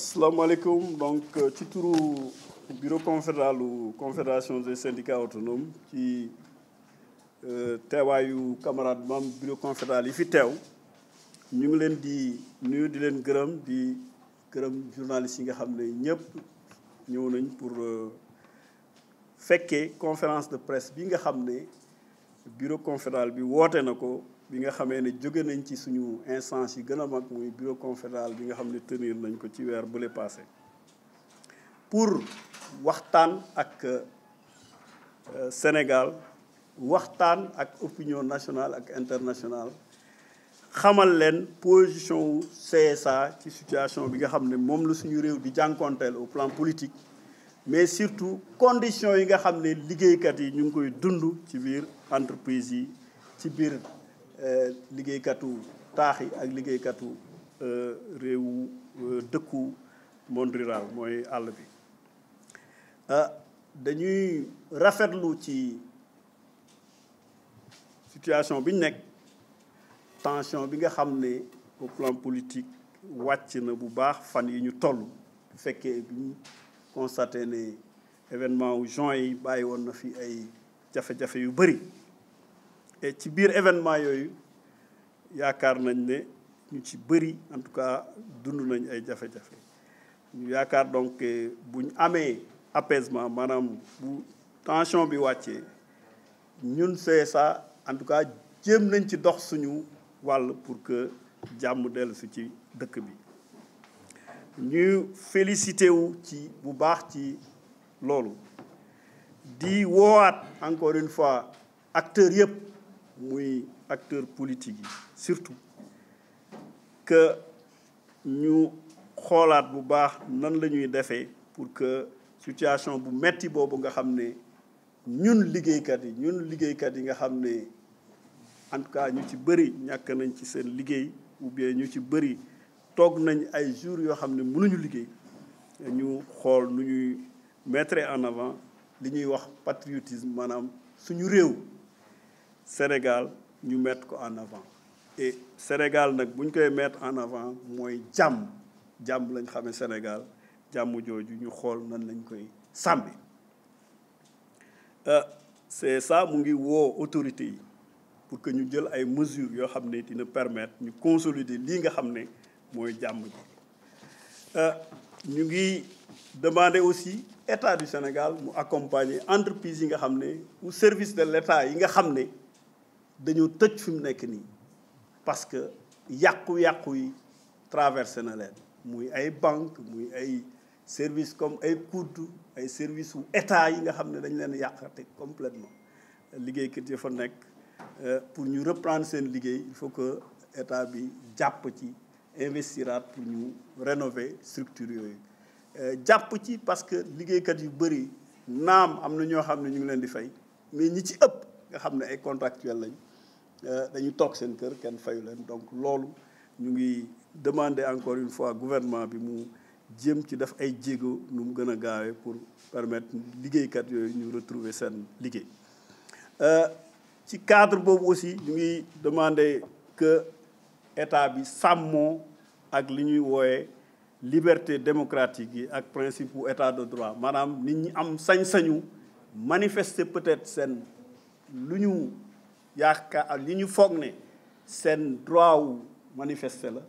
asalaamaaleykum donc euh, ci turu bureau confédéralu confédération de syndicats autonomes ci euh, teewaayu camarade membre bureau confédéral yi fi teew ñu ngi leen di nuyu di leen gërëm di gërëm journalistes yi nga xam ne ñëpp ñëw nañ pour euh, fekkee conférence de presse bi nga xam ne bureau confédéral bi woote na ko bi nga xamee ne jóge nañ ci suñu instance yi gën a mag muy bureau confédéral bi nga xam ne tenir nañ ko ci weer bu le pour waxtaan ak euh, Sénégal waxtaan ak opinion nationale ak internationale xamal leen position wu CSA ci situation bi nga xam ne moom la suñu réew di jànkonteel au plan politique mais surtout conditions yi nga xam ne liggéeykat yi ñu ngi koy dund ci biir entreprise yi ci biir Euh, liggéeykatu taax yi ak liggéeykatu euh, réewu euh, dëkku monde rural mooy àll bi ah dañuy rafetlu ci situation bi nekk tension bi nga xam ne au plan politique wàcc na bu baax fan yi ñu toll bu fekkee bi ñu constaté ne événement wu juin yi bàyyi woon na fi ay jafe-jafe yu bëri et ci biir événement yooyu yaakaar nañ ne ñu ci bëri en tout cas dund nañ ay jafe-jafe ñu yaakaar donc buñ amee apaisement maanaam bu tension bi wàccee ñun CSA en tout cas jéem nañ ci dox suñu wàll pour que jàmm dellusi ci dëkk bi ñuy félicité wu ci bu baax ci loolu di woowaat encore une fois acteurs yëpp muy acteurs politiques yi surtout que ñu xoolaat bu baax nan lañuy defee pour que situation bu metti boobu nga xam ne ñun liggéeykat yi ñun liggéeykat yi nga xam ne en tout cas ñu ci bëri ñàkk nañ ci seen liggéey ou bien ñu ci bëri toog nañ ay jours yoo xam ne mënuñu liggéey ñu xool nu ñuy mettre en avant li ñuy wax patriotisme maanaam suñu réew Sénégal ñu mettre ko en avant et Sénégal nag bu ñu koy mettre en avant mooy jàmm jàmm lañ xamee Sénégal jàmm jooju ñu xool nan lañ koy sàmmi euh, c'est ça mu ngi woo autorité yi pour que ñu jël ay mesures yoo xam ne dina permettre ñu consolider lii nga xam ne mooy jàmm ji euh, ñu ngi demander aussi état du Sénégal mu accompagner entreprise yi nga xam ne ou service de l'état yi nga xam ne dañoo tëj fi mu nekk nii parce que yàqu-yàqu yi traverse na leen muy ay banque muy ay service comme ay COUD ay service wu état yi nga xam ne dañ leen yàqate complètement liggéeykat yi fa nekk euh, pour ñu reprendre seen liggéey il faut que état bi jàpp ci investiraat pour ñu rénover structure yooyu euh, jàpp ci parce que liggéeykat yu bëri naam am na ñoo xam ne ñu ngi leen di fay mais ñi ci ëpp nga xam ne ay contractuel lañ Euh, dañu toog seen kër kenn fayu leen donc loolu ñu ngi demander encore une fois gouvernement bi mu jéem ci def ay jéego nu mu gën a gaawee pour permettre liggéeykat yooyu ñu retrouver seen liggéey euh, ci cadre boobu aussi ñu ngi demande que état bi sàmmoo ak li ñuy wooyee liberté démocratique yi ak principe bu état de droit maanaam nit ñi am sañ-sañu manifester peut-être seen lu ñu yaakaar li ñu foog ne seen droit wu manifester la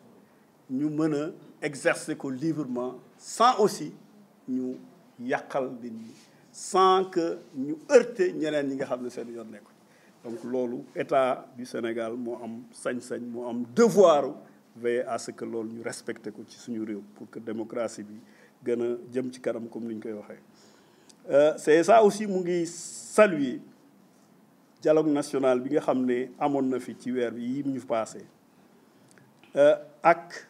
ñu mën a exercer ko livrement sans aussi ñu yàqal nit ñi sans que ñu heurter ñeneen ñi nga xam ne seen yoon nekko donc loolu état du Sénégal moo am sañ-sañ moo am devoir veiller à ce que loolu ñu respecté ko ci suñu réew pour que démocratie bi gën a jëm ci kanam comme ni ñu koy waxee euh, c'est ça aussi mu ngi saluer dialogue nationale bi nga xam ne amoon na fi ci weer bi yi ñu passé euh, ak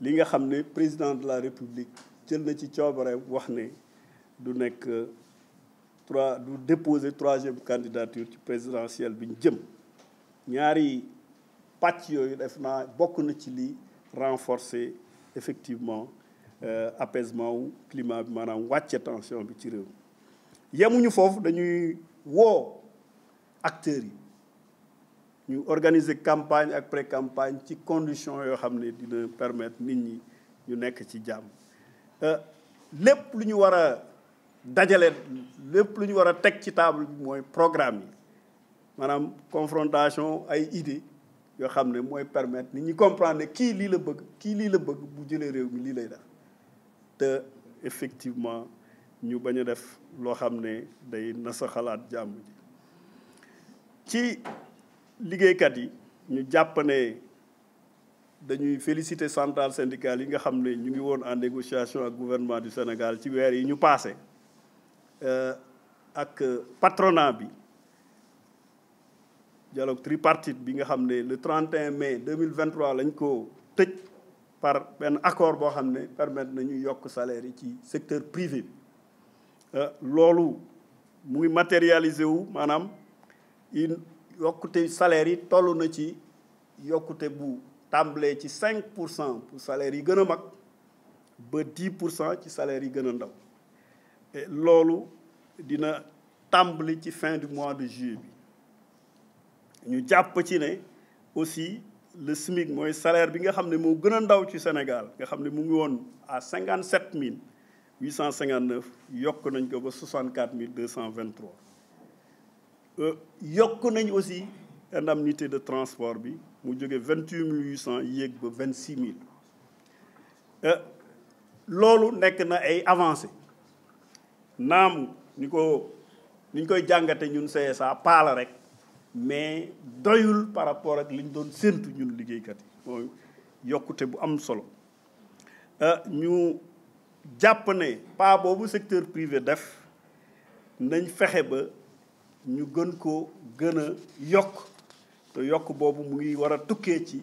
li nga xam ne président de la république jël na ci coobare wax ne du nekk euh, trois du déposer troisième candidature ci présidentielle bi ñu jëm ñaari pàcc yooyu def naa bokk na ci li renforcer effectivement euh, apaisement climat bi maanaam wàcce tension bi ci réew yemuñu foofu dañuy woo acteurs yi ñu organiser campagne ak pré campagne ci condition yoo xam ne dina permettre nit ñi ñu nekk ci jàmm euh, lépp lu ñu war a dajale lépp lu ñu war a teg ci taable bi mooy programme yi maanaam confrontation ay idées yoo xam ne mooy permettre nit ñi comprendre kii lii la bëgg kii lii la bëgg bu jëlee réew mi lii lay def te effectivement ñu bañ a def loo xam ne day xalaat jàmm ji ci liggéeykat yi ñu jàpp ne dañuy féliciter centrale syndicale yi nga xam ne ñu ngi woon en négociation ak gouvernement du Sénégal ci weer yi ñu passé euh, ak patronat bi dialogue tripartite bi nga xam ne le 31 mai 2023 lañ ko tëj par benn accord boo xam ne permettre nañu yokk salaire yi ci secteur privé bi euh, loolu muy matérialiser wu maanaam yi yokkute salaire yi toll na ci yokkute bu tàmbalee ci cinq pour cent pour salaire yi gën a mag ba dix pour cent ci salaire yi gën a ndaw loolu dina tàmbali ci fin du mois de juillet bi ñu jàpp ci ne aussi le SMIC mooy salaire bi nga xam ne moo gën a ndaw ci Sénégal nga xam ne mu ngi woon à cinquante sept mille huit cent cinquante yokk nañ ko ba soixante quatre mille deux cent vingt Euh, yokk nañ aussi indemnité de transport bi mu jóge vingt huit mille huit cent yéeg ba vingt six mille euh, loolu nekk na ay avancé naamu ni ko ni ñu koy jàngate ñun CSA paala rek mais doyul par rapport ak liñ doon séntu ñun liggéeykat yi mooy yokkute bu am solo euh, ñu jàpp ne pas boobu secteur privé def nañ fexe ba ñu gën ko gën a yokk te yokk boobu mu ngi war a tukkee ci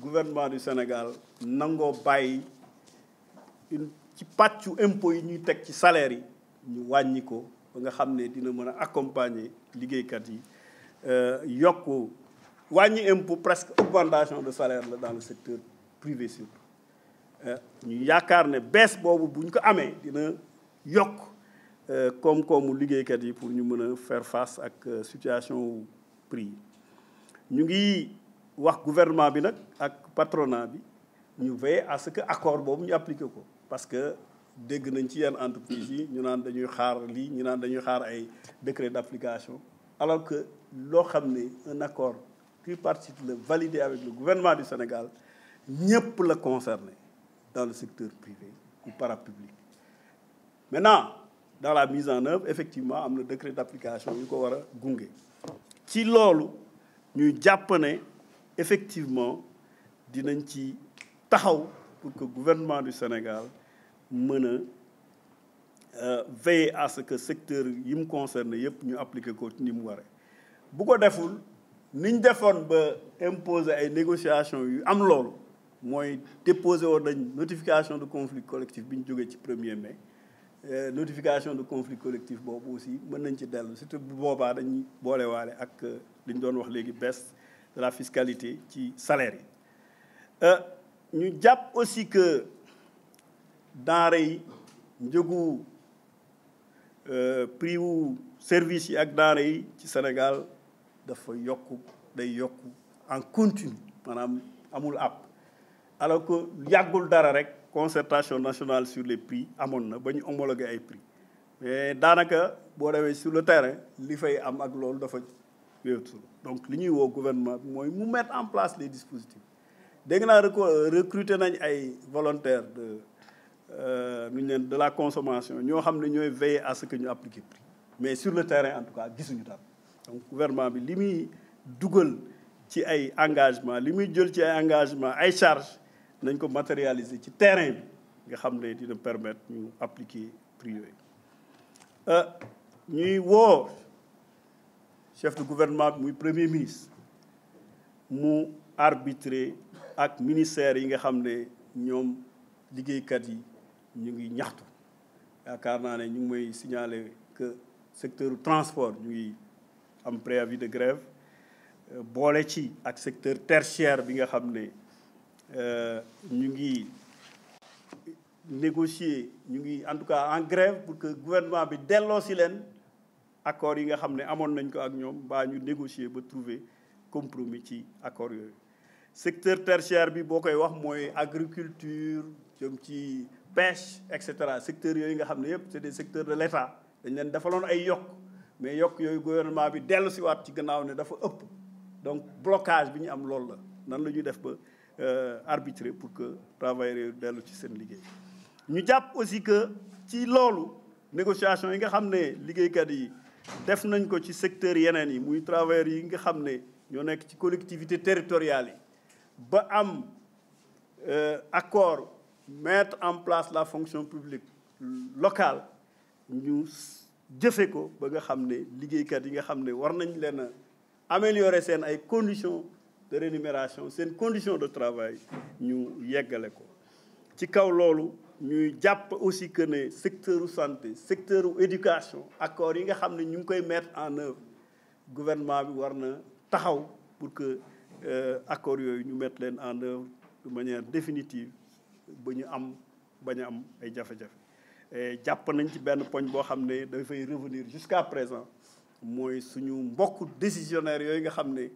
gouvernement du Sénégal nangoo bàyyi ci pàccu impôt yi ñuy teg ci salaire yi ñu wàññi ko ba nga xam ne dina mën a accompagner liggéeykat yi euh, yokk wàññi impôt presque augmentation de salaire la dans le secteur privé surtout euh, ñu yaakaar ne bees boobu bu ñu ko amee dina yokk Euh, koom-koomu liggéeykat yi pour ñu mën a fair face ak euh, situation prix yi ñu ngi wax gouvernement bi nag ak patronat bi ñu veiller à que accord boobu ñu appliqué ko parce que dégg nañ ci yenn entreprise yi ñu naan dañuy xaar lii ñu naan dañuy xaar ay décret d'application alors que loo xam ne un accord tripartite la validé avec le gouvernement du Sénégal ñëpp la concerné dans le secteur privé ou parapublic maintenant dans la mise en œuvre effectivement am na décret d'application yu ko war a gunge ci loolu ñuy jàpp ne effectivement dinañ ci taxaw pour que gouvernement du Sénégal mën a euh, veiller à ce que secteur yi mu concerne yëpp ñu appliquer ko ni mu ware bu ko deful niñ defoon ba imposer ay négociations yu am loolu mooy déposer woon nañ notification de conflit collectif bi ñu jógee ci premier mai Euh, notification de conflit collectif boobu aussi mën nañ ci dellu surtout bu boobaa dañuy boolewaale ak euh, li ñu doon wax léegi baisse de la fiscalité ci salaire yi. Euh, ñu jàpp aussi que denrée yi njëgu prix wu service yi ak denrée yi ci Sénégal dafa yokk day yokk en continu maanaam amul àpp alors que yàggul dara rek. concertation nationale sur les prix amoon na ba ñu homologué ay prix mais daanaka boo demee sur le terrain li fay am ak loolu dafa wéetu donc li ñuy woo gouvernement bi mooy mu mettre en place les dispositifs dégg naa euh, recruter nañ ay volontaires de euh, nu ñu de la consommation ñoo xam ne ñooy veiller à ce que ñu appliquer prix mais sur le terrain en tout cas gisuñu dara donc gouvernement bi li muy dugal ci ay engagement li muy jël ci ay engagement ay charges nañ ko matérialiser ci terrain bi nga xam ne dina permettre ñu appliquer prix yooyu euh, ñuy woo chef de gouvernement bi muy premier ministre mu arbitrer ak ministère yi nga xam ne ñoom liggéeykat yi ñu ngi ñaxtu yaakaar naa ne ñu ngi may signaler que secteur transport ñu ngi am préavis de grève euh, boole ci ak secteur tertiaire bi nga xam ne Euh, ñu ngi négocier ñu ngi en tout cas en grève pour que gouvernement bi delloo si leen accords yi nga xam ne amoon nañ ko ak ñoom mbaa ñu négocier ba trouver compromis ci accords yooyu. secteur tertiaire bi boo koy wax mooy agriculture jëm ci pêche et cetera secteurs yooyu nga xam ne yëpp c'est des secteur de l'État dañ leen dafa defaloon ay yokk mais yokk yooyu gouvernement bi dellu si waat ci gannaaw ne dafa ëpp donc blocage bi ñu am loolu la nan la ñuy def ba. Euh, arbitrer pour que travailleurs dellu ci seen liggéey. ñu jàpp aussi que ci loolu négociation yi nga xam ne liggéeykat yi def nañ ko ci secteur yeneen yi muy travailleurs yi nga xam ne ñoo nekk ci collectivité territoriale yi ba am euh, accord mettre en place la fonction publique locale ñu jëfe ko ba nga xam ne liggéeykat yi nga xam ne war nañ leen a améliorer seen ay conditions de rémunération seen condition de travail ñu yeggale ko ci kaw loolu ñuy jàpp aussi que ne secteur santé secteur éducation accords yi nga xam ne ñu ngi koy mettre en œuvre gouvernement bi war na taxaw pour que euh, accords yooyu ñu mettre leen en œuvre de manière définitive ba ñu am bañ a am ay jafe-jafe jàpp nañ ci benn poñ boo xam ne dafay revenir jusqu'à présent mooy suñu mbokku décisionnaire yooyu nga xam ne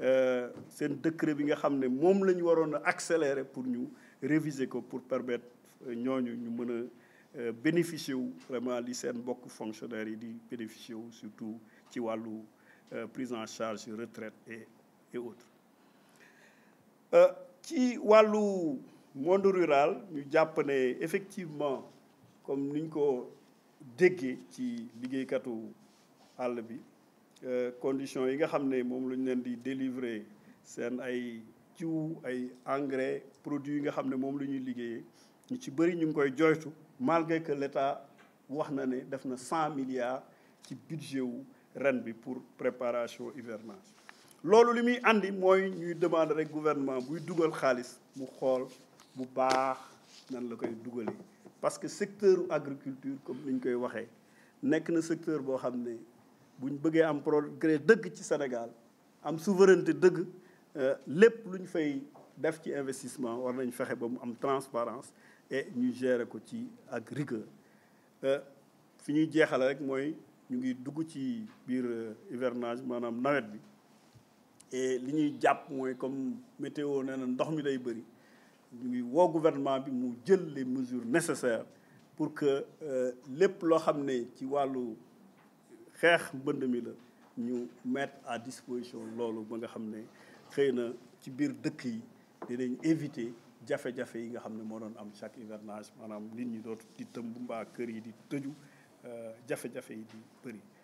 euh, seen décret bi nga xam ne moom la ñu waroon a accélérer pour ñu réviser ko pour permettre euh, ñooñu ñu mën a euh, bénéficier wu vraiment li seen mbokk fonctionnaire yi di bénéficier wu surtout ci wàllu prise en charge retraite et et ci wàllu monde rural ñu jàpp effectivement comme niñ ko déggee ci liggéeykatu àll bi euh, condition yi nga xam ne moom la ñu leen di délivrer seen ay jiw ay engrais produits yi nga xam ne moom la ñuy liggéeyee ñu ci bëri ñu ngi koy joytu malgré que l'État wax na ne def na cent milliards ci budget wu ren bi pour préparation hivernage loolu li muy indi mooy ñuy demander rek gouvernement buy dugal xaalis mu xool bu baax nan la koy dugalee parce que secteur agriculture comme ni ñu koy waxee nekk na secteur boo xam ne bu ñu bëggee am progrès dëgg ci Sénégal am souveraineté dëgg euh, lépp lu ñu fay def ci investissement war nañ fexe ba mu am transparence et ñu gérer ko ci ak rigueur euh, fi ñuy jeexale rek mooy ñu ngi dugg ci biir euh, hivernage maanaam nawet bi et li ñuy jàpp mooy comme météo nee na ndox mi lay bëri ñu ngi woo gouvernement bi mu jël les mesures nécessaires pour que lépp loo xam ne ci wàllu xeex mbënd mi la ñu mettre à disposition loolu ba nga xam ne xëy na ci biir dëkk yi dinañ éviter jafe-jafe yi nga xam ne moo doon am chaque hivernage maanaam nit ñi dootu di tëmb mbaa kër yi di tëju euh, jafe-jafe yi di bëri.